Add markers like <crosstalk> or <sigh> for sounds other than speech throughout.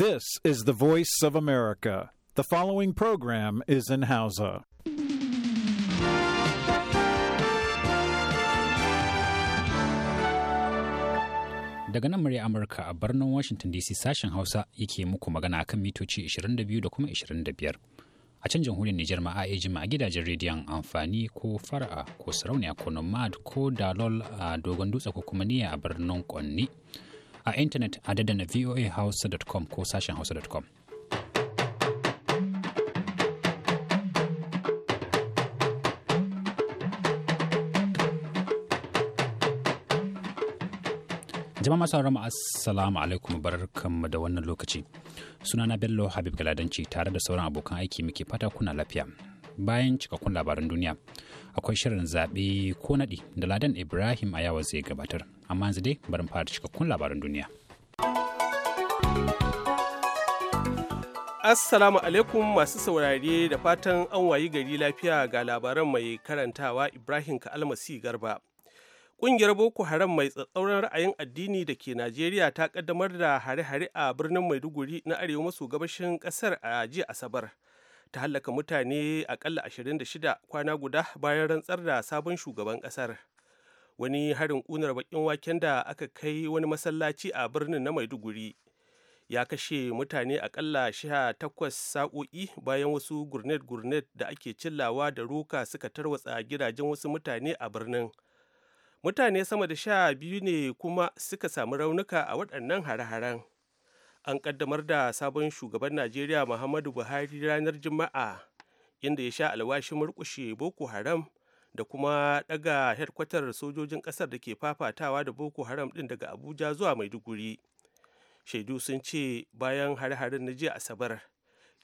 This is the voice of America. The following program is in Hausa. Daga nan murya Amurka a birnin Washington DC sashen Hausa yake muku magana kan mitoci 22 da kuma 25. A can jamhuriyar Nijar ma a jima a gidajen rediyon amfani ko fara'a ko sarauniya ko nomad ko dalol a dogon dutse ko kuma niyya a birnin Kwanni. a intanet a dadana voahausa.com ko sashen hausa.com. jama'a masu haramu assalamu alaikum barkanmu da wannan lokaci sunana bello habib galadanci tare da sauran abokan aiki muke fata kuna lafiya bayan cikakkun labaran duniya akwai shirin zaɓe ko naɗi da ladan ibrahim a yawa zai gabatar amma yanzu dai barin fara cikakkun labaran duniya assalamu alaikum masu saurare da fatan an wayi gari lafiya ga labaran mai karantawa ibrahim kalmasi garba Ƙungiyar Boko Haram mai tsatsauran ra'ayin addini da ke Najeriya ta kaddamar da hare-hare a birnin Maiduguri na arewa maso gabashin ƙasar a jiya Asabar. ta hallaka mutane akalla 26 kwana guda bayan rantsar da sabon shugaban kasar wani harin kunar bakin waken da aka kai wani masallaci a birnin na maiduguri ya kashe mutane akalla takwas sa'o'i bayan wasu gurnet-gurnet da ake cillawa da roka suka tarwatsa gidajen wasu mutane a birnin mutane sama da sha biyu ne kuma suka samu raunuka a waɗannan hare-haren an kaddamar da sabon shugaban najeriya muhammadu buhari ranar juma'a inda ya sha alwashin murkushe boko haram da kuma daga hedkwatar sojojin Ƙasar da ke fafatawa da boko haram din daga abuja zuwa maiduguri shaidu sun ce bayan har harin na jiya asabar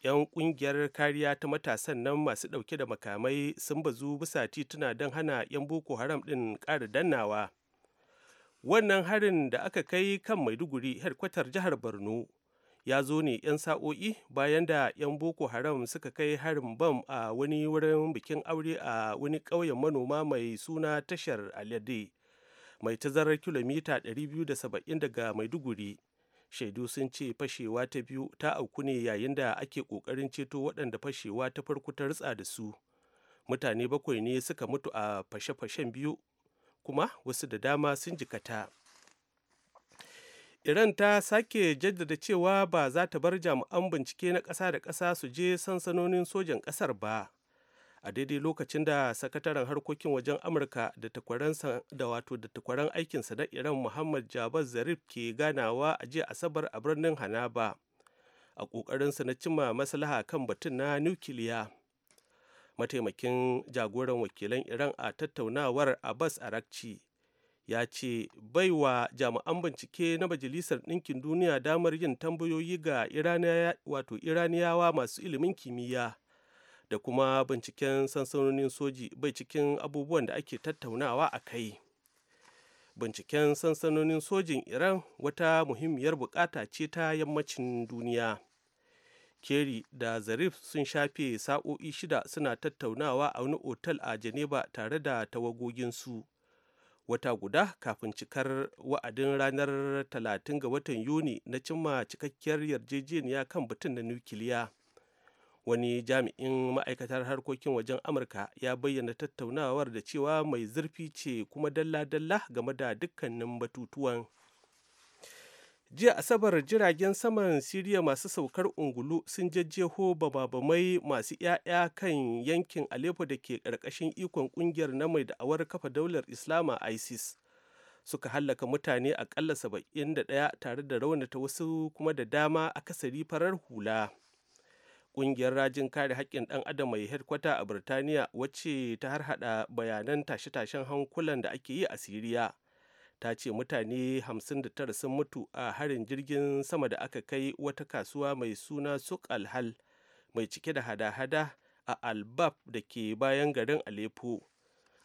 'yan ƙungiyar kariya ta matasan nan masu ɗauke da makamai sun bazu bisa tituna don hana 'yan boko haram ɗin ƙara dannawa wannan harin da aka kai kan maiduguri hedkwatar jihar borno ya zo ne 'yan sa'o'i bayan da 'yan boko haram suka kai harin bam a wani wurin bikin aure a wani ƙauyen manoma mai suna tashar alade mai tazarar kilomita 270 daga maiduguri shaidu sun ce fashewa ta biyu ta auku ne yayin da ake ƙoƙarin ceto waɗanda fashewa ta farko ta rutsa da su mutane bakwai ne suka mutu a fashe-fashen biyu kuma wasu da dama sun jikata. Iran ta sake jaddada cewa ba za ta bar jami'an bincike na ƙasa da ƙasa su je sansanonin sojan ƙasar ba. A daidai lokacin da sakataren harkokin wajen Amurka da wato da takwaran aikinsa na Iran Muhammad jabar Zarif ke ganawa a jiya Asabar a birnin Hanaba a ƙoƙarinsa na cimma maslaha kan batun na nukiliya. Mataimakin jagoran wakilan Iran a tattaunawar Abbas Arakci ya ce bai wa jami'an bincike na majalisar ɗinkin duniya damar yin tambayoyi ga iraniyawa masu ilimin kimiyya da kuma binciken sansanonin soji bai cikin abubuwan da ake tattaunawa a kai binciken sansanonin sojin iran wata muhimmiyar bukata ce ta yammacin duniya keri da zarif sun shafe sa'o'i shida suna tattaunawa a wani otal a geneva tare da tawagoginsu wata guda kafin cikar wa'adin ranar 30 ga watan yuni na cimma cikakkiyar yarjejeniya kan batun na nukiliya wani jami'in ma'aikatar harkokin wajen amurka ya bayyana tattaunawar da cewa mai zurfi ce kuma dalla-dalla game da dukkanin batutuwan jiya asabar jiragen saman siriya masu saukar ungulu sun jajjeho bababamai masu yaya kan yankin aleppo da ke karkashin ikon kungiyar na mai da'awar kafa daular islama isis suka hallaka mutane aƙalla saba'in da ɗaya tare da raunata wasu kuma da dama akasari farar hula ƙungiyar rajin kare haƙƙin ɗan adam mai hedkwata a birtaniya wacce ta harhaɗa bayanan tashe-tashen hankulan da ake yi a siriya ta ce mutane 59 sun mutu a harin jirgin sama da aka kai wata kasuwa mai suna suk alhal mai cike da hada-hada a albab da ke bayan garin aleppo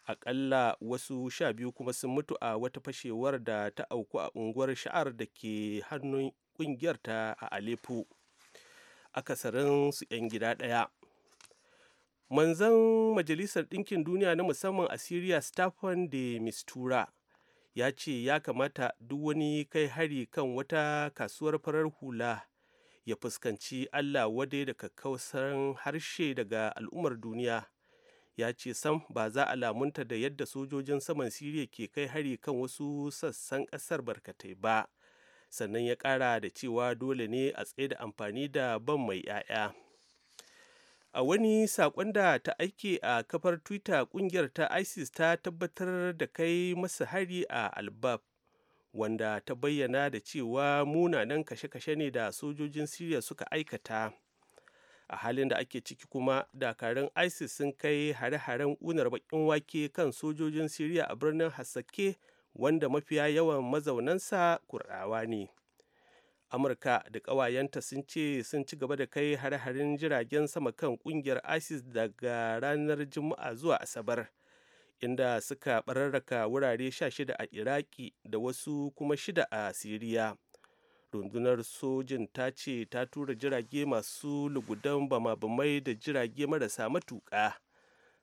akalla wasu sha biyu kuma sun mutu a wata fashewar da ta auku a unguwar sha'ar da ke hannun kungiyar ta a aleppo akasarin su 'yan gida ɗaya manzan majalisar ɗinkin duniya na musamman a syria stefan de mistura ya ce ya kamata duk wani kai hari kan wata kasuwar farar hula ya fuskanci allah wadai da kakkausan harshe daga al'ummar duniya ya ce sam ba za a lamunta da yadda sojojin saman siriya ke kai hari kan wasu sassan ƙasar barkatai ba sannan ya ƙara da cewa dole ne a tsaye da amfani da ban mai 'ya'ya. a wani saƙon da ta aike a kafar twitter ƙungiyar ta isis ta tabbatar da kai masu hari a albab wanda ta bayyana da cewa munanan kashe-kashe ne da sojojin siriya suka aikata a halin da ake ciki kuma dakarun isis sun kai hare-haren unar bakin wake kan sojojin siriya a birnin hassake wanda mafiya yawan mazaunansa kur'awa ne amurka da ƙawayenta sun ce sun ci gaba da kai har-harin jiragen sama kan ƙungiyar isis daga ranar juma'a zuwa asabar inda suka bararraka wurare sha shida a iraki da wasu kuma shida a siriya rundunar sojin ta ce ta tura jirage masu lugudan bama-bamai da jirage marasa matuƙa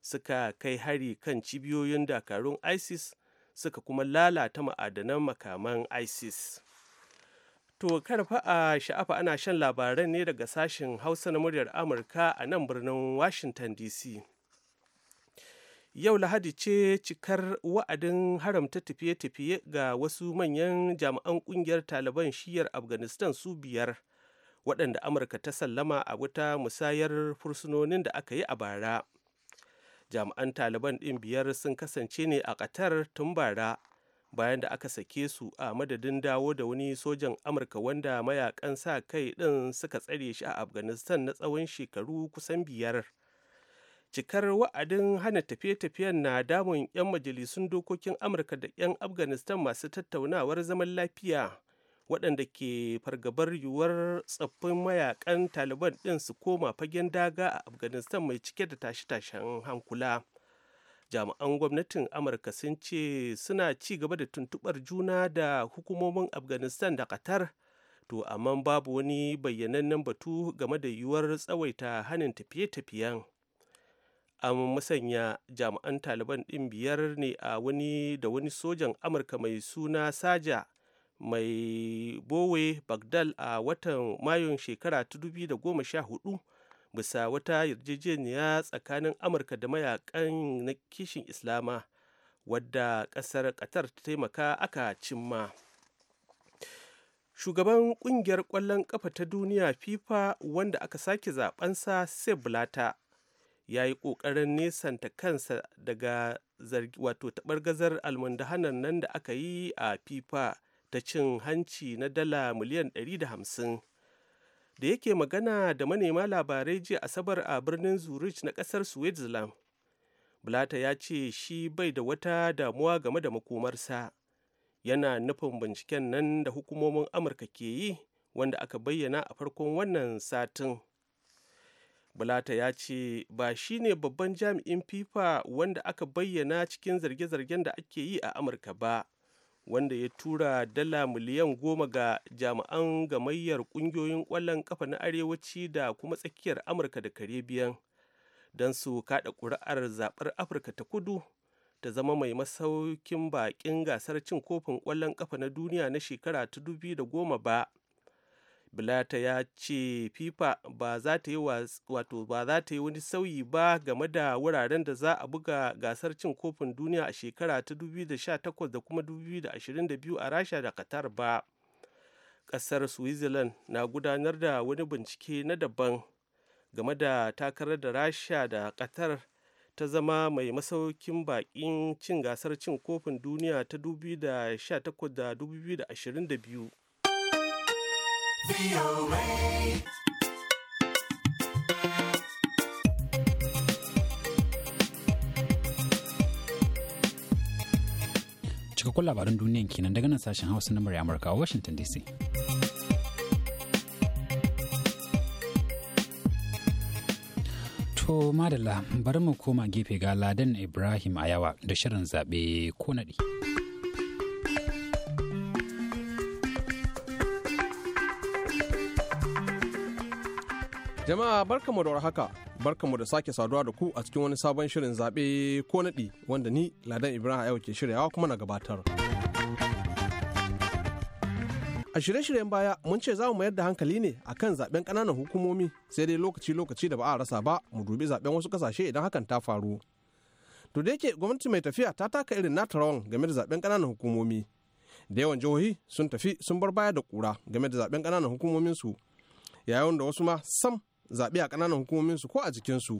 suka kai hari kan cibiyoyin dakarun isis suka kuma lalata ma'adanan makaman isis To fa a sha'afa ana shan labaran ne daga sashen Hausa na muryar Amurka a nan birnin Washington DC. Yau Lahadi ce cikar wa'adin haramta tafiye-tafiye ga wasu manyan jami'an kungiyar Taliban shiyar Afghanistan su biyar, waɗanda Amurka ta sallama a wuta musayar fursunonin da aka yi a bara. Jami'an Taliban ɗin biyar sun kasance ne a ƙatar tun bara. bayan da aka sake su a madadin dawo da wani sojan amurka wanda mayakan sa kai ɗin suka tsare shi a afghanistan na tsawon shekaru kusan biyar cikar wa'adin hana tafiye-tafiyen na damun 'yan majalisun dokokin amurka da 'yan afghanistan masu tattaunawar zaman lafiya waɗanda ke fargabar yiwuwar tsaffin mayakan taliban ɗin su koma fagen daga a afghanistan mai cike da tashe-tashen hankula jami'an gwamnatin amurka sun ce suna ci gaba da tuntubar juna da hukumomin afghanistan da qatar to amma babu wani bayyanannen batu game da yiwuwar tsawaita hanin tafiye-tafiyen an musanya jami'an taliban ɗin biyar ne a wani da wani sojan amurka mai suna saja mai bowe bagdal a watan mayun shekara ta 2014 bisa wata yarjejeniya tsakanin amurka da mayakan na kishin islama wadda kasar qatar ta taimaka aka cimma shugaban kungiyar kwallon kafa ta duniya fifa wanda aka sake zabansa sai blatter ya yi ƙoƙarin nesanta kansa daga wato tabar gazar almundahanar nan da aka yi a fifa ta cin hanci na dala miliyan 150 da yake magana da manema labarai jiya asabar a birnin zurich na kasar switzerland blata ya ce shi bai da wata damuwa game da makomarsa yana nufin binciken nan da hukumomin amurka ke yi wanda aka bayyana a farkon wannan satin bulata ya ce ba shi ne babban jami'in fifa wanda aka bayyana cikin zarge-zargen da ake yi a amurka ba wanda ya tura dala miliyan goma ga jami'an gamayyar kungiyoyin ƙwallon kafa na arewaci da kuma tsakiyar amurka da karibiyan don su kada ƙuri'ar zaɓar afirka ta kudu ta zama mai masaukin baƙin gasar cin kofin ƙwallon kafa na duniya na shekara ta dubi da goma ba Bilata ya ce FIFA ba za ta yi wato ba za ta yi wani sauyi ba game da wuraren da za a buga gasar cin kofin duniya a shekara ta 2018 da kuma 2022 a Rasha da Qatar ba. Kasar Switzerland na gudanar da wani bincike na daban game da takarar da Rasha da Qatar ta zama mai masaukin bakin cin gasar cin kofin duniya ta 2018 da 2022. cikakkun labarin duniyan kenan daga nan sashen hausa na murya amurka a washington dc to madalla bari mu koma gefe ga ladan ibrahim ayawa da shirin zaɓe ko naɗi. Jama'a barkamu da haka barkamu da sake saduwa da ku a cikin wani sabon shirin zaɓe ko naɗi wanda ni Ladan Ibrahim yau ke shiryawa kuma na gabatar. A shirye-shiryen baya mun ce za mu mayar da hankali ne a kan zaɓen ƙananan hukumomi sai dai lokaci-lokaci da ba a rasa ba mu dubi zaɓen wasu ƙasashe idan hakan ta faru. To da yake gwamnati mai tafiya ta taka irin nata rawan game da zaɓen ƙananan hukumomi. Da yawan jihohi sun tafi sun bar baya da ƙura game da zaɓen ƙananan hukumomin su. Yayin da wasu ma sam zaɓe a ƙananan hukumomin su ko a jikin su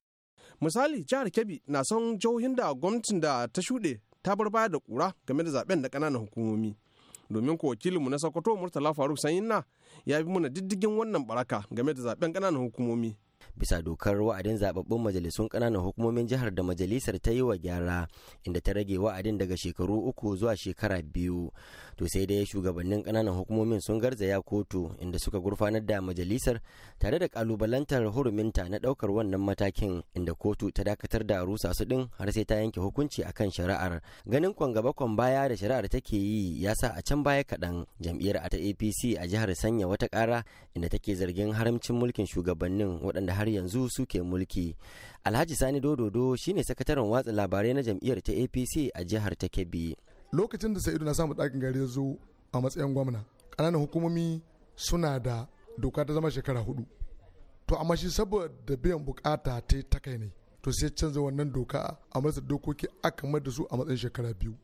misali jihar kebbi na son jihohin da gwamnatin da ta shuɗe ta bar baya da ƙura game da zaɓen da ƙananan hukumomi domin ko wakilinmu na sokoto murtala faruk sanyinna ya bi muna diddigin wannan baraka game da zaɓen ƙananan hukumomi bisa dokar wa'adin zababbun majalisun ƙananan hukumomin jihar da majalisar ta yi wa gyara inda ta rage wa'adin daga shekaru uku zuwa shekara biyu to sai dai shugabannin kananan hukumomin sun garzaya kotu inda suka gurfanar da majalisar tare da kalubalantar huruminta na ɗaukar wannan matakin inda kotu ta dakatar da rusa su ɗin har sai ta yanke hukunci akan shari'ar ganin kwan gaba baya da shari'ar take yi ya sa a can baya kaɗan jam'iyyar ta apc a jihar sanya wata kara inda take zargin haramcin mulkin shugabannin waɗanda har yanzu suke mulki alhaji sani dododo shine sakataren watsa labarai na jam'iyyar ta apc a jihar ta kebbi lokacin da sa'idu na samu ɗakin gari ya zo a matsayin gwamna ƙananan hukumomi suna da doka ta zama shekara hudu to amma shi saboda biyan bukata ta ta kai ne to sai canza wannan doka a matsayin dokoki aka mar da su a matsayin shekara biyu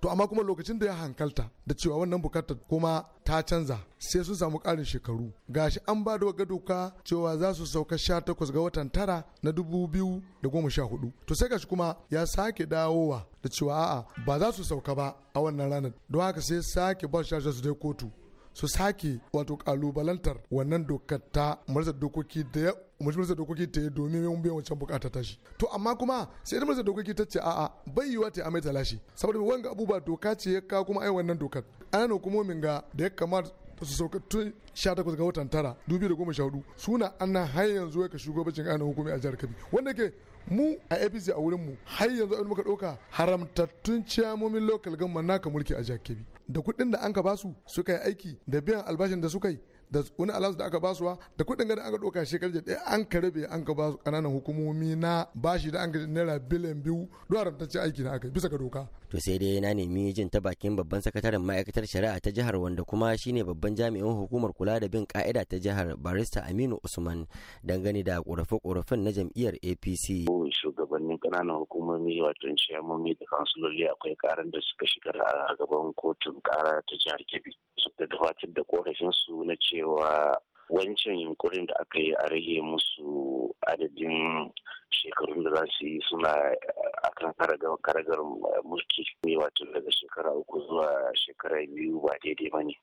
to amma kuma lokacin da ya hankalta da cewa wannan bukatar kuma ta canza sai sun samu karin shekaru ga shi an ba da waga doka cewa za su sauka sha takwas ga watan tara na dubu biyu da goma sha hudu to sai gashi kuma ya sake dawowa da cewa a'a ba za su sauka ba a wannan ranar don haka sai sake ba su su dai kotu su sake wato kalubalantar wannan dokar ta majalisar dokoki da ya majalisar dokoki ta yi domin yin biyan wancan bukata ta shi to amma kuma sai da majalisar dokoki ta ce a'a bai yiwa ta amai talashi saboda wanga abubuwa doka ce ya kawo kuma ai wannan dokar ana hukumomin ga da ya kamata su sauka tun 18 ga watan tara 2014 suna ana har yanzu ya ka shugabancin ana hukumi a jihar kabi wanda ke mu a apc a wurin mu har yanzu abin muka ɗauka haramtattun ciyamomin local government naka mulki a jihar kabi da kuɗin da an ka basu suka yi aiki da biyan albashin da suka yi da wani alasu da aka basuwa da kuɗin da an ka ɗauka shekarar da ɗaya an ka rabe an ka basu ƙananan hukumomi na bashi da an ka naira biliyan biyu duwaran ta ce aiki na aka bisa ga doka to sai dai na nemi jin ta bakin babban sakataren ma'aikatar shari'a ta jihar wanda kuma shine babban jami'in hukumar kula da bin ka'ida ta jihar barista aminu usman dangane da ƙorafe-ƙorafen na jam'iyyar apc shugabannin ƙananan hukumomi wato ciyamomi da kansuloli akwai karan da suka shigar a gaban kotun kara ta jihar kebbi suka gabatar da korafin su na cewa wancan yunkurin da aka yi a rage musu adadin shekarun da za su yi suna eh, akan karagar eh, mulki ne wato daga shekara uku zuwa shekara biyu ba daidai ba ne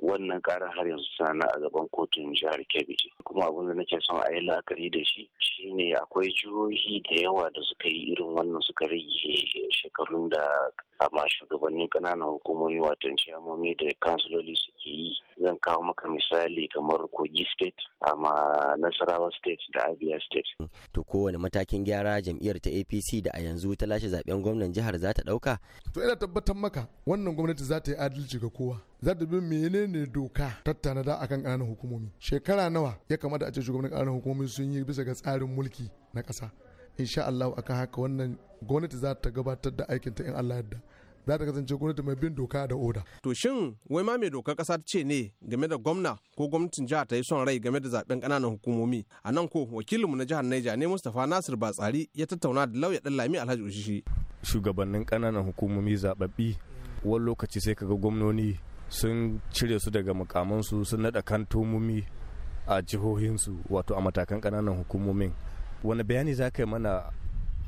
wannan karar har yanzu sana a gaban kotun jihar kebbi kuma abin da nake son a yi la'akari da shi shine akwai jihohi da yawa da suka yi irin wannan suka rage shekarun da amma shugabannin ƙananan hukumomi wato ciyamomi da kansiloli suke yi zan kawo maka misali kamar kogi state amma nasarawa state da abia state to kowane matakin gyara jam'iyyar ta apc da a yanzu ta lashe zaben gwamnan jihar za ta dauka to ina tabbatar maka wannan gwamnati za ta yi adalci ga kowa za ta bi menene doka tattana da akan ƙananan hukumomi shekara nawa ya kamata a ce shugaban ƙananan hukumomi sun yi bisa ga tsarin mulki na ƙasa insha Allah aka haka wannan gwamnati za ta gabatar da aikinta in Allah yadda za ta kasance gwamnati mai bin doka da oda. To shin wai ma mai dokar kasa ce ne game da gwamna ko gwamnatin jiha ta yi son rai game da zaben kananan hukumomi. A nan ko wakilinmu na jihar Naija ne Mustapha Nasir Batsari ya tattauna da lauya ɗan Lami Alhaji Ushishi. Shugabannin kananan hukumomi zababbi wani lokaci sai kaga gwamnoni sun cire su daga mukamansu sun naɗa kantomomi a jihohinsu wato a matakan kananan hukumomin. Wani bayani za ka yi mana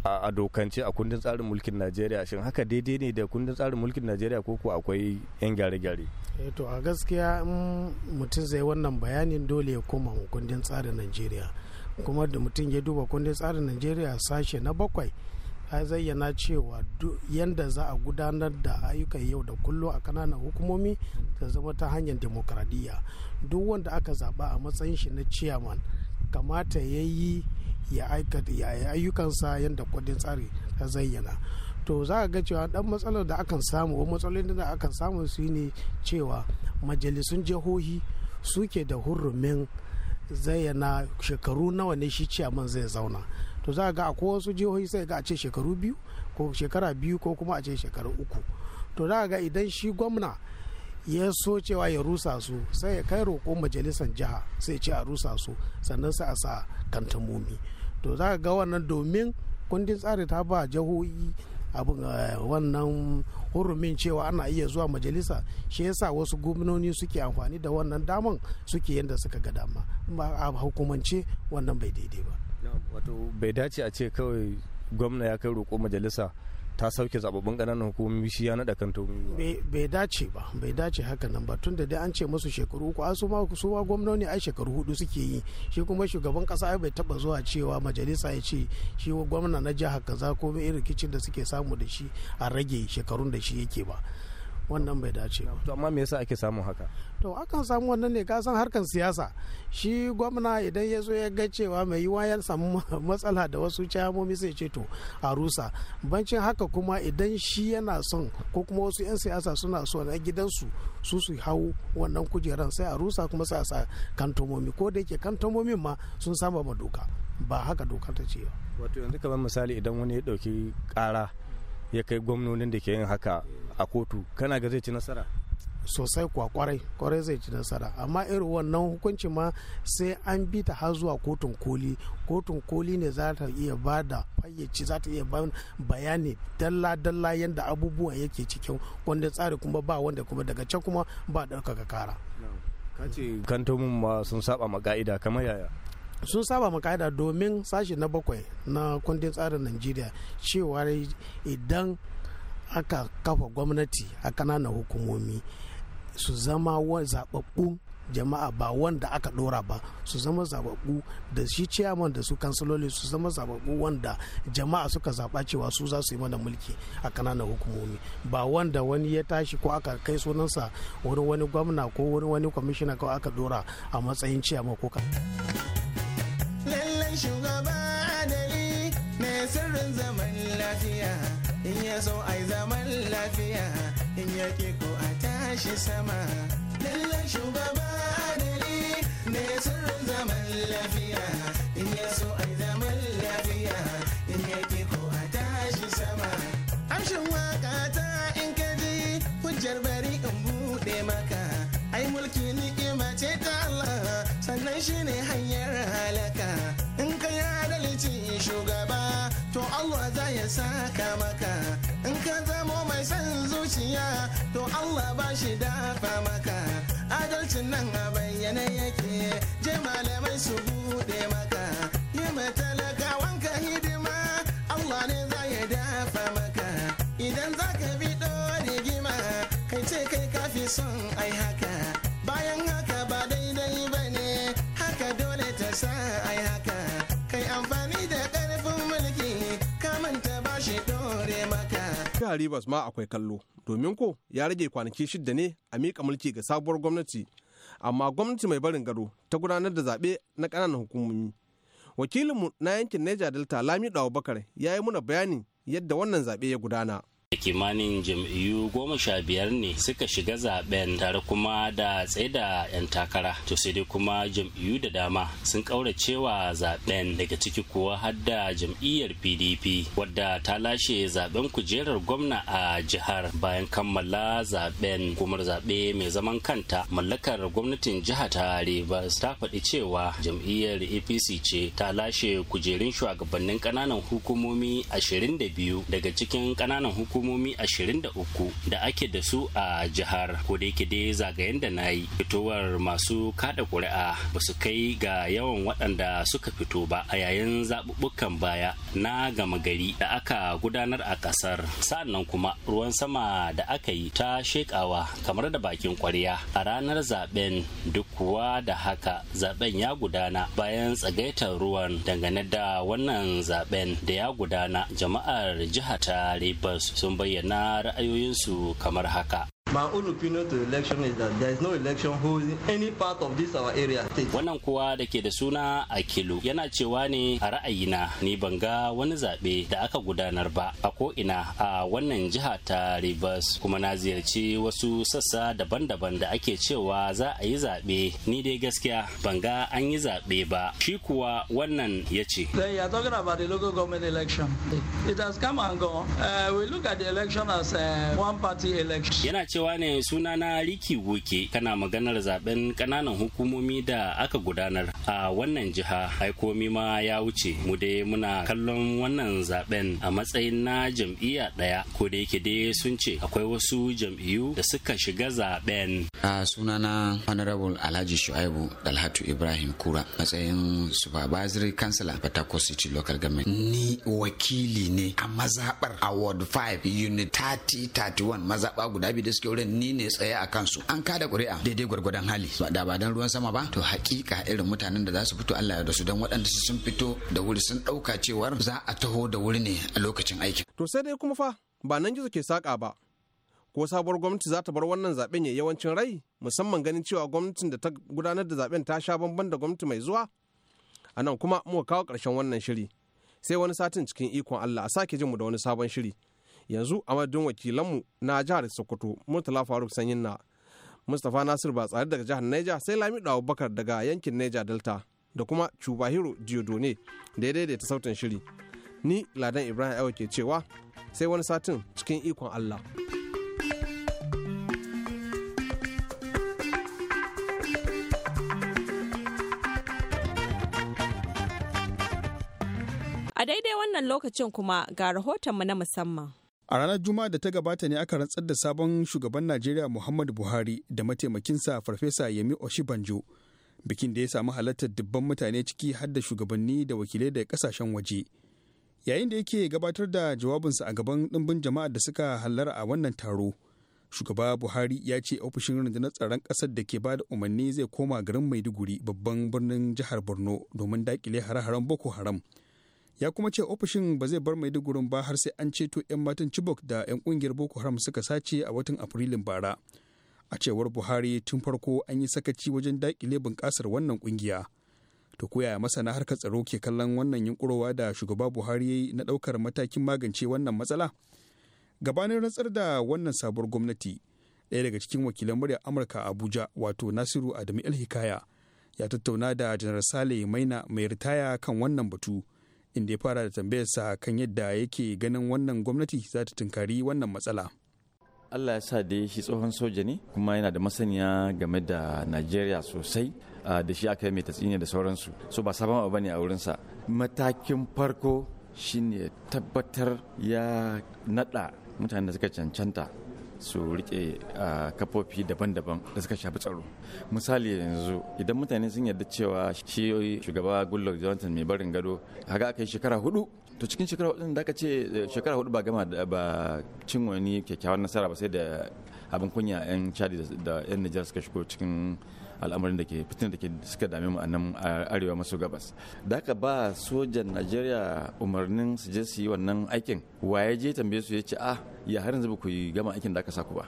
a dokance a kundin tsarin mulkin najeriya shin haka daidai ne da kundin tsarin mulkin najeriya ko ko akwai yan gyare-gyare eh to a gaskiya in mutum zai wannan bayanin dole ya koma kundin tsarin najeriya kuma da mutum ya duba kundin tsarin najeriya sashe na bakwai ya zayyana cewa yadda za a gudanar da ayyukan yau da kullum a kananan hukumomi ta zama ta hanyar demokradiyya duk wanda aka zaba a matsayin shi na ciyaman kamata ya yi ya ayyukansa yadda kudin tsari ta zayyana to za ga cewa dan matsalar da akan samu wani matsalolin da akan samu su ne cewa majalisun jihohi suke da hurumin zayyana shekaru nawa ne shi ciyaman zai zauna to za ga akwai wasu jihohi sai ga a ce shekaru biyu ko shekara biyu ko kuma a ce shekaru uku to za ga idan shi gwamna ya so cewa ya rusa su sai ya kai roƙo majalisar jiha sai ce a rusa su sannan sai a sa kantamomi to za ga wannan domin kundin tsari ta ba jihohi abin eh, wannan hurumin cewa ana iya zuwa majalisa shi yasa wasu gwamnoni suke amfani da wannan daman suke yadda suka ga dama ba a hukumance wannan bai daidai ba wato bai dace a ce kawai gwamna ya kai roƙo majalisa ta sauke zababbin ƙananan hukumomi shi ya naɗa kan tomi bai dace ba bai dace haka nan ba tun da dai an ce masu shekaru uku su ma su ma gwamnoni ai shekaru hudu suke yi shi kuma shugaban kasa bai taba zuwa cewa majalisa ya ce shi gwamna na jihar kaza ko irin rikicin da suke samu da shi a rage shekarun da shi yake ba wannan bai dace ba to amma me yasa ake samun haka to akan samu wannan ne ka san harkan siyasa shi gwamna idan ya zo ya ga cewa mai yi ya samu <laughs> matsala da wasu camomi sai ce to a rusa bancin haka kuma idan shi yana son ko kuma wasu 'yan siyasa suna so na gidansu su su hau wannan kujeran sai a rusa kuma sai a sa kantomomi ko da yake kantomomin ma sun saba ma doka ba haka dokar ta ce wato yanzu kamar misali idan wani ya dauki kara ya kai gwamnonin da ke yin haka a kotu kana ga zai ci nasara sosai kwa kwarai kwarai zai ci nasara amma irin wannan hukunci ma sai an bi ta har zuwa kotun koli kotun koli ne za ta iya ba da fayyaci za ta iya ba bayani dalla dalla yadda abubuwa yake cikin wanda tsari kuma ba wanda kuma daga can kuma ba ɗaukaka kara kace kantomin ma sun saba ma ka'ida kamar yaya sun saba makaida domin sashi na bakwai na kundin tsarin najeriya cewa idan aka kafa gwamnati a kananan hukumomi su zama zababbu jama'a ba wanda aka dora ba su zama zababbu da shi ciyaman da su kansiloli su zama zababbu wanda jama'a suka zaba cewa su za su yi mana mulki a kananan hukumomi ba wanda wani ya tashi ko aka kai sunansa wurin wani gwamna ko wurin wani kwamishina ko aka dora a matsayin ciyama ko shugaba adali ne sirrin zaman lafiya in ya so ai zaman lafiya in ya ke ko a tashi sama lallan shugaba adali ne sirrin zaman lafiya in ya so ai zaman lafiya in ya ke ko a tashi sama amshin waka ta in ji hujjar bari in bude maka ai mulki ni'ima ce ta Allah sannan shine hanya saka maka in ka zamo mai son zuciya to Allah ba shi dafa maka adalcin nan a bayyane yake je malamai su ribas Rivers ma akwai kallo, domin ko ya rage kwanaki shidda ne a miƙa mulki ga sabuwar gwamnati, amma gwamnati mai barin gado ta gudanar da zaɓe na ƙananan hukumomi. Wakilinmu na yankin Niger Delta Lami abubakar ya yi muna bayani yadda wannan zaɓe ya gudana. kimanin jam'iyyu goma sha biyar ne suka shiga zaben tare kuma da tsaida 'yan takara to sai dai kuma jam'iyyu da dama sun cewa zaben daga ciki kuwa har da jam'iyyar pdp wadda ta lashe zaben kujerar gwamna a jihar bayan kammala zaben gumar zaɓe mai zaman kanta mallakar gwamnatin jiha ta rivers ta faɗi cewa jam'iyyar apc ce ta lashe kujerun shugabannin ƙananan hukumomi 22 daga cikin ƙananan hukumomi hukumomi 23 da ake da su a jihar ko da yake dai zagayen da na yi fitowar masu kada ƙuri'a ba su kai ga yawan waɗanda suka fito ba a yayin zaɓuɓɓukan baya na gama gari da aka gudanar a ƙasar sa'annan kuma ruwan sama da aka yi ta shekawa kamar da bakin ƙwarya a ranar zaben duk kuwa da haka zaben ya gudana bayan tsagaitar ruwan dangane da wannan zaben da ya gudana jama'ar jihar ta sun bayyana ra'ayoyinsu kamar haka. My own opinion to election is that there is no election holding any part of this our area state. Wannan kuwa da ke da suna Akilu yana cewa ne a ra'ayina ni ban ga wani zaɓe da aka gudanar ba a ina a wannan jiha ta Rivers kuma na ziyarci wasu sassa daban-daban da ake cewa za a yi zaɓe ni dai gaskiya ban ga an yi zaɓe ba shi kuwa wannan ya ce. you are talking about the local government election. It has come and gone. Uh, we look at the election as uh, one party election. Yana cewa cewa ne suna na Riki Woke kana maganar zaben kananan hukumomi da aka gudanar a wannan jiha aikomi ma ya wuce mu dai muna kallon wannan zaben a matsayin na jam'iyya daya ko da yake dai sun ce akwai wasu jam'iyyu da suka shiga zaben. A suna na Honorable Alhaji Shu'aibu Dalhatu Ibrahim Kura matsayin Supervisory Councilor Fatako City Local Government. Ni wakili ne a mazaɓar Award 5 Unit 31 mazaɓa guda biyu da suke suke wurin ni ne tsaye a kansu an kada ƙuri'a daidai gwargwadon hali da ba dan ruwan sama ba to hakika irin mutanen da za su fito Allah ya da su dan waɗanda sun fito da wuri sun ɗauka cewar za a taho da wuri ne a lokacin aiki To sai dai kuma fa ba nan gizo ke saƙa ba. Ko sabuwar gwamnati za ta bar wannan zaɓen ya yawancin rai musamman ganin cewa gwamnatin da ta gudanar da zaɓen ta sha bamban da gwamnati mai zuwa. A nan kuma muka kawo ƙarshen wannan shiri. Sai wani satin cikin ikon Allah a sake jin mu da wani sabon shiri. yanzu a madadin wakilanmu na jihar sokoto murtala faruk sanyin na mustapha nasir ba tsari daga jihar neja sai dawo bakar daga yankin neja delta da kuma cubahiro diodone da ta daidaita sautin shiri ni ladan ibrahim ke cewa sai wani satin cikin ikon allah A daidai wannan lokacin kuma ga rahotonmu na musamman. A ranar Juma'a da ta gabata ne aka rantsar da sabon shugaban Najeriya Muhammadu Buhari da mataimakinsa Farfesa Yemi Oshibanjo. Bikin da ya samu halartar dubban mutane ciki har da shugabanni da wakilai da kasashen waje. Yayin da yake gabatar da jawabinsa a gaban ɗimbin jama'a da suka hallara a wannan taro, shugaba Buhari ya ce ofishin rundunar tsaron ƙasar da ke bada umarni zai koma garin Maiduguri babban birnin jihar Borno domin daƙile hare-haren Boko Haram. ya kuma ce ofishin ba zai bar maidugurin ba har sai an ceto 'yan matan chibok da 'yan kungiyar boko haram suka sace a watan afrilun bara a cewar buhari tun farko an yi sakaci wajen dakile bunƙasar wannan kungiya to ko yaya masana harkar tsaro ke kallon wannan yunkurowa da shugaba buhari na ɗaukar matakin magance wannan matsala gabanin rantsar da wannan sabuwar gwamnati ɗaya daga cikin wakilan muryar amurka a abuja wato nasiru adamu el ya tattauna da janar sale maina mai ritaya kan wannan batu inda ya fara da tambayarsa kan yadda yake ganin wannan gwamnati za ta tunkari wannan matsala. Allah ya sa dai shi tsohon soja ne kuma yana da masaniya game da Najeriya sosai da shi aka yi mai tatsiniya da sauransu so ba sabon abu ne a wurinsa matakin farko shine tabbatar ya nada mutane da suka cancanta su rike a kafofi daban-daban da suka shafi tsaro misali yanzu idan mutane sun yarda cewa shi shugaba goodluck jonathan mai barin gado haka aka yi shekara hudu to cikin shekara hudu da aka ce eh, shekara hudu ba gama da ba cin wani kyakkyawan nasara ba sai da abin kunya yan chadi da yan nijar suka shigo cikin al'amarin da ke fitin da ke suka dame mu a nan arewa maso gabas da haka ba sojan najeriya umarnin su je su yi wannan aikin wa ya je tambaye su ya ce a ah, ya har yanzu ba ku yi gama aikin da aka ku ba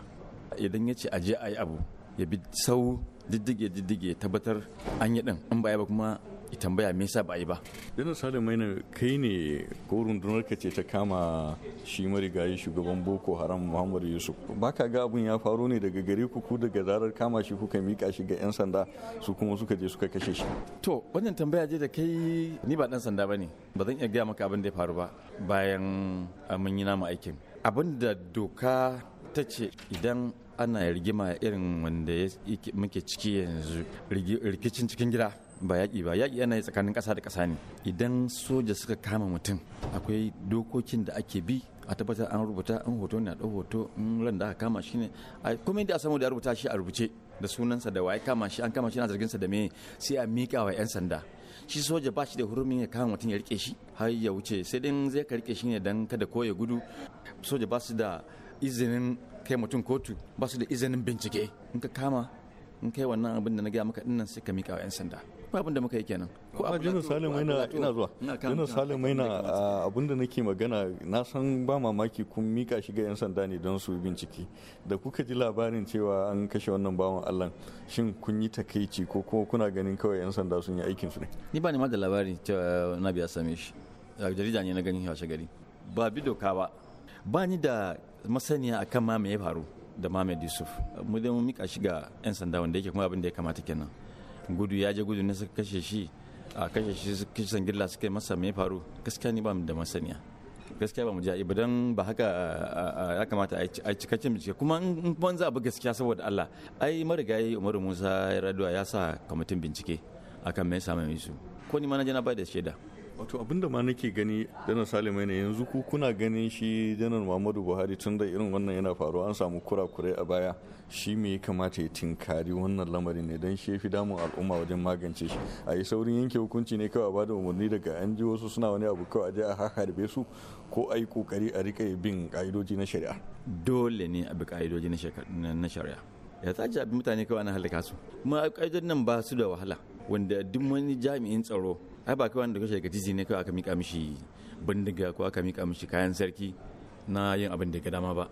idan ya ce a je a yi abu ya bi sau diddige diddige tabbatar an yi din in ba ya ba kuma tambaya me yasa ba yi ba yana sada maina kai ne ko rundunar ce ta kama shi marigayi shugaban boko haram muhammad yusuf baka ga abun ya faro ne daga gare ku ku daga zarar kama shi kuka mika shi ga yan sanda su kuma suka je suka kashe shi to wannan tambaya je da kai ni ba dan sanda bane ba zan iya gaya maka abin da ya faru ba bayan ah, mun yi namu aikin abin da doka ta ce idan ana rigima irin wanda muke ciki yanzu rikicin cikin gida ba yaƙi ba yaƙi yana tsakanin ƙasa da ƙasa ne idan soja suka kama mutum akwai dokokin da ake bi a tabbatar an rubuta an hoto ne a ɗau hoto in ran da aka kama shi ne a kuma da a samu da a rubuta shi a rubuce da sunansa da waye kama shi an kama shi na zargin sa da me sai a miƙa wa 'yan sanda shi soja ba shi da hurumin ya kama mutum ya rike shi har ya wuce sai dai zai ka rike shi ne dan kada ko ya gudu soja ba su da izinin kai mutum kotu ba su da izinin bincike in ka kama in kai wannan abin da na gaya maka dinnan sai ka miƙa wa 'yan sanda babin da muka yi kenan ko a jinin salim maina ina oh, zuwa jinin salim maina ah, abin da nake magana na san ba mamaki kun mika shi ga yan sanda ne don su bincike da kuka ji labarin cewa an kashe wannan bawan allah shin kun yi takaici ko kuma kuna ganin kawai yan sanda sun yi aikin su ne ni ba ni ma da labari cewa eh, na biya same shi jarida ne na ganin washe gari ba bi doka ba ba ni da masaniya akan ma me ya faru da Mohamed Yusuf mu dai mun mika shi ga yan sanda wanda yake kuma abin da ya kamata kenan gudu ya je gudu ne suka kashe shi a kashe shi kisan gilla suka yi masa mai faru gaskiya ni ba mu da masaniya gaskiya ba mu ji ba ba haka ya kamata a cikakken bincike kuma in kuma za a bi gaskiya saboda Allah ai marigayi Umaru Musa ya ya sa kwamitin bincike akan me ya same su ko ni ma na je na ba da shaida wato abinda ma nake gani janar salima ne yanzu ku kuna ganin shi janar muhammadu buhari tun da irin wannan yana faruwa an samu kurakurai a baya shi me ya kamata ya tinkari wannan lamarin ne don shi fi damun al'umma wajen magance shi a yi saurin yanke hukunci ne kawai ba da umarni daga an ji wasu suna wani abu kawai a a harbe su ko a yi kokari a rika bin ka'idoji na shari'a dole ne a bi ka'idoji na shari'a ya ta abi mutane kawai na halaka su kuma ka'idojin nan ba su da wahala wanda duk wani jami'in tsaro ai ba kai wanda kashe jiji ne kawai aka mika mishi bindiga ko aka mika mishi kayan sarki na yin abin da ga dama ba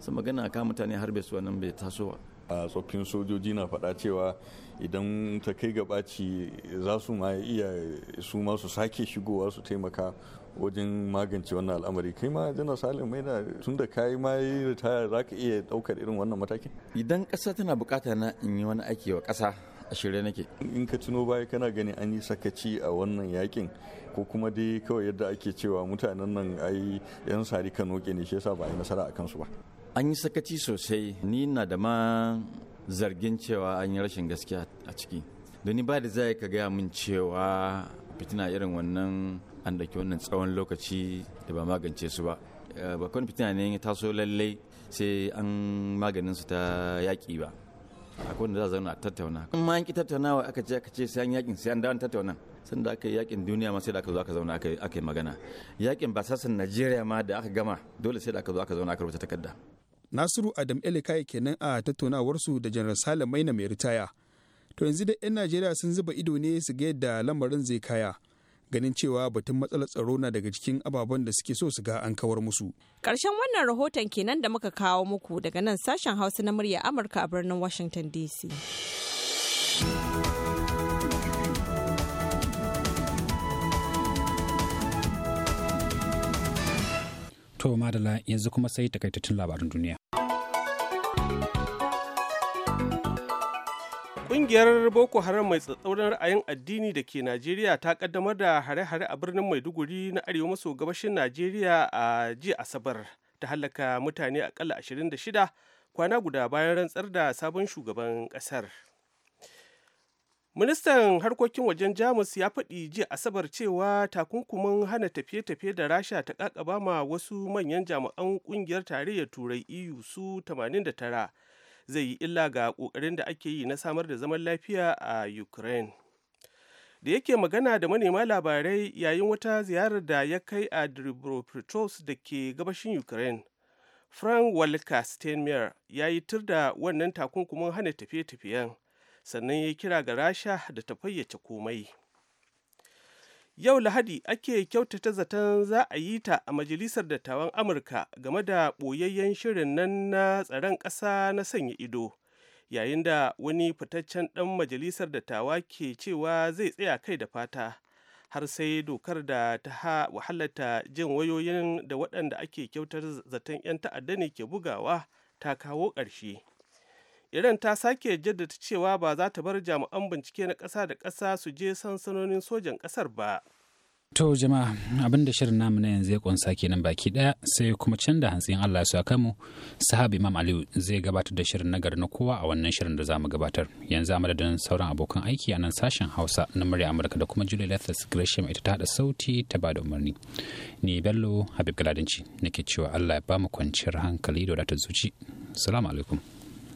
sun magana ka mutane har bai suwa nan bai tasowa a tsoffin sojoji na faɗa cewa idan ta kai ga ɓaci za su ma iya su ma su sake shigowa su taimaka wajen magance wannan al'amari kai ma jana salim mai da tun da kayi ma yi ritaya za ka iya ɗaukar irin wannan matakin idan ƙasa tana buƙata na in yi wani aiki wa ƙasa a shirye nake in ka tuno baya kana gani an yi sakaci a wannan yakin ko kuma dai kawai yadda ake cewa mutanen nan ai yan sari kano ne shi yasa ba a yi nasara a kansu ba an yi sakaci sosai ni na da ma zargin cewa an yi rashin gaskiya a ciki don ni ba da zai ka gaya min cewa fitina irin wannan an dake wannan tsawon lokaci da ba magance su ba eh, bakon fitina ne ya taso lallai sai an maganin su ta yaƙi ba akwai wanda za a zauna a tattauna in ma yanki tattaunawa aka ce aka ce sai an yakin sai an dawo tattauna san da aka yi yakin duniya ma sai da aka zo aka zauna aka yi magana yakin basasan Najeriya ma da aka gama dole sai da aka zo aka zauna aka rubuta takarda Nasiru Adam ya kenan a tattaunawarsu da Janar Salim Maina mai ritaya to yanzu da 'yan Najeriya sun zuba ido ne su ga yadda lamarin zai kaya ganin cewa batun matsalar tsaro na daga cikin ababen da suke so su ga an kawar musu. Ƙarshen wannan rahoton kenan da muka kawo muku daga nan sashen Hausa na murya Amurka a birnin Washington DC. To madala yanzu kuma sai takaitattun labarin duniya. Ƙungiyar Boko Haram mai tsatsauran ra'ayin addini da ke Najeriya ta kaddamar da hare-hare a birnin Maiduguri na arewa maso gabashin Najeriya a jiya Asabar ta halaka mutane akalla 26 kwana guda bayan rantsar da sabon shugaban ƙasar. Ministan harkokin wajen Jamus ya faɗi jiya Asabar cewa takunkumin hana tafiye-tafiye da Rasha ta ƙaƙabama ma wasu manyan jami'an ƙungiyar tarayyar Turai EU su 89 zai yi illa ga ƙoƙarin da ake yi na samar da zaman lafiya a ukraine da yake magana da manema labarai yayin wata ziyarar da ya kai a dribropetros da ke gabashin ukraine frank walker steinmeier ya yi tur da wannan takunkumin hana tafiye-tafiyen sannan ya kira ga rasha da ta fayyace komai Yau Lahadi ake kyautata zaton za a yi ta a Majalisar Dattawan Amurka game da ɓoyayyen shirin nan na tsaron ƙasa na sanya ido, yayin da wani fitaccen ɗan Majalisar Dattawa ke cewa zai tsaya kai da fata. har sai dokar da ta wahalata jin wayoyin da waɗanda ake kyautar zaton 'yan ta'adda ne ke bugawa ta kawo ƙarshe. Iran ta sake jaddada cewa ba za ta bar jami'an bincike na ƙasa da ƙasa su je sansanonin sojan ƙasar ba. To jama'a abin da shirin namu na yanzu ya kunsa kenan baki ɗaya sai kuma can da hantsin Allah su kanmu sahabi Imam Aliyu zai gabatar da shirin nagari na kowa a wannan shirin da zamu gabatar yanzu a madadin sauran abokan aiki a nan sashen Hausa na murya Amurka da kuma Julie Lethas Gresham ita ta hada sauti ta ba da umarni ni Bello Habib Galadinci nake cewa Allah ya ba mu kwanciyar hankali da wadatar zuci salamu alaikum